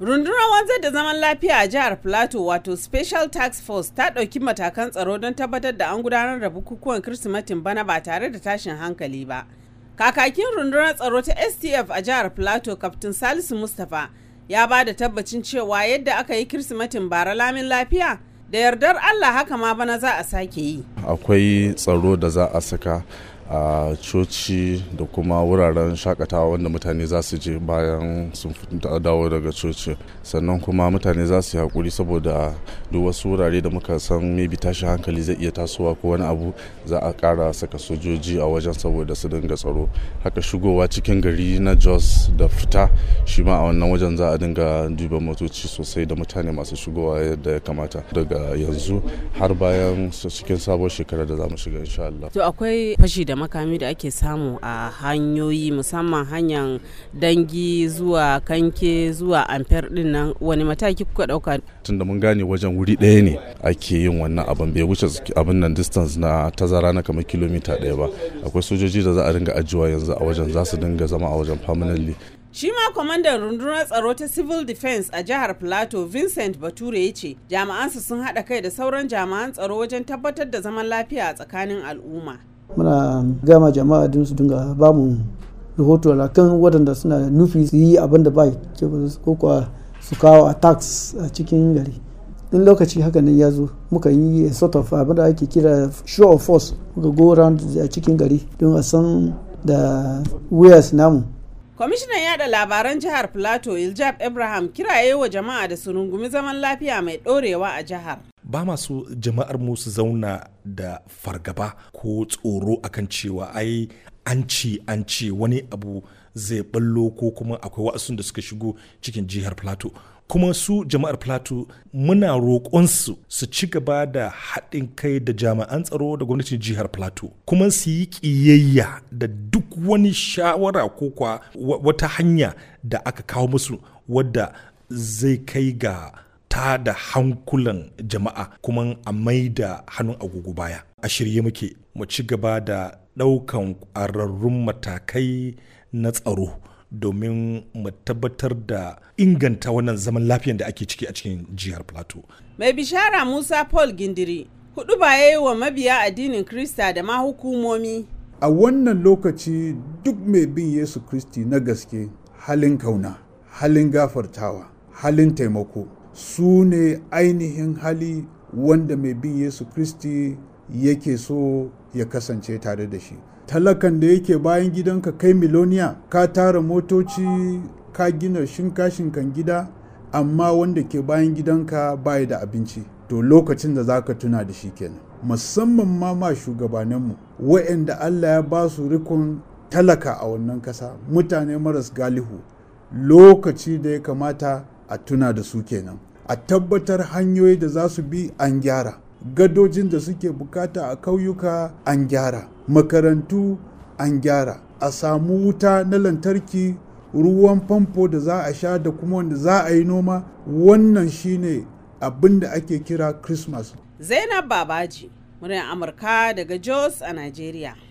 Rundunar wanzar da zaman lafiya a jihar Plateau wato Special Task Force ta ɗauki matakan tsaro don tabbatar da an gudanar da bukukuwan Kirsimetin bana ba tare da tashin hankali ba. Kakakin rundunar tsaro ta STF a jihar Plateau Kaftin Salisu Mustapha ya ba da tabbacin cewa yadda aka yi Kirsimetin bara lamin lafiya da yardar Allah haka ma bana za a sake yi. Akwai tsaro da za a saka a coci da kuma wuraren shakatawa wanda mutane za su je bayan sun dawo daga coci sannan kuma mutane za su yi hakuri saboda duk wasu wurare da muka san maybe tashi hankali zai iya tasowa ko wani abu za a kara saka sojoji a wajen saboda su dinga tsaro haka shigowa cikin gari na jos da fita shi ma a wannan wajen za a dinga duba motoci sosai da mutane masu shigowa yadda ya kamata daga yanzu har bayan cikin sabon shekarar da za mu shiga insha Allah to akwai fashi da makami da ake samu a hanyoyi musamman hanyar dangi zuwa kanke zuwa amfer din nan wani mataki kuka dauka tunda mun gane wajen wuri daya ne ake yin wannan abin bai wuce abin nan distance na tazara na kamar kilomita daya ba akwai sojoji da za a ringa ajiwa yanzu a wajen za su dinga zama a wajen permanently Shi ma kwamandan rundunar tsaro ta Civil Defense a jihar Plateau Vincent Bature ya ce jami'ansu sun haɗa kai da sauran jami'an tsaro wajen tabbatar da zaman lafiya a tsakanin al'umma. muna gama jama'a din su dinga ba mu rahoto kan waɗanda suna nufi su yi abin da ba ko kuwa su kawo a tax a cikin gari in lokaci haka nan ya zo muka yi sort of abin da ake kira show of force muka go around a cikin gari don a san da wayas namu kwamishinan yada labaran jihar plateau iljab ibrahim kiraye wa jama'a da su rungumi zaman lafiya mai dorewa a jihar ba masu jama'ar mu su zauna da fargaba ko tsoro akan cewa ai an ce an ce wani abu zai ballo ko kuma akwai wa'asun da suka shigo cikin jihar plateau kuma su jama'ar plateau muna roƙonsu su ci gaba da haɗin kai da jami'an tsaro da gwamnatin jihar plateau kuma su yi ƙiyayya da duk wani shawara ko kwa wata hanya da aka kawo musu wadda zai kai ga ta da hankulan jama'a kuma a mai da hannun agogo baya a shirye muke mu ci gaba da ɗaukan ƙwararrun matakai na tsaro domin mu tabbatar da inganta wannan zaman lafiyar da ake ciki a cikin jihar plateau mai bishara musa paul gindiri hudu ba ya yi wa mabiya addinin krista da ma hukumomi a wannan lokaci duk mai bin yesu kristi na gaske halin kauna halin gafartawa halin taimako su ne ainihin hali wanda mai bin yesu kristi yake so ya kasance tare da shi talakan da yake bayan gidanka kai miloniya ka tara motoci ka gina shinka-shinkan gida amma wanda ke bayan gidanka baya da abinci to lokacin da za ka tuna da shi kenan musamman ma ma shugabaninmu wa'anda allah ya ba su rikon talaka a wannan kasa mutane maras galihu lokaci da ya kamata a tuna da su kenan a tabbatar hanyoyi da za su bi an gyara gadojin da suke bukata a kauyuka an gyara makarantu an gyara a samu wuta na lantarki ruwan famfo da za a sha da kuma wanda za a yi noma wannan shine abin da ake kira christmas zainab babaji muryan amurka daga jos a nigeria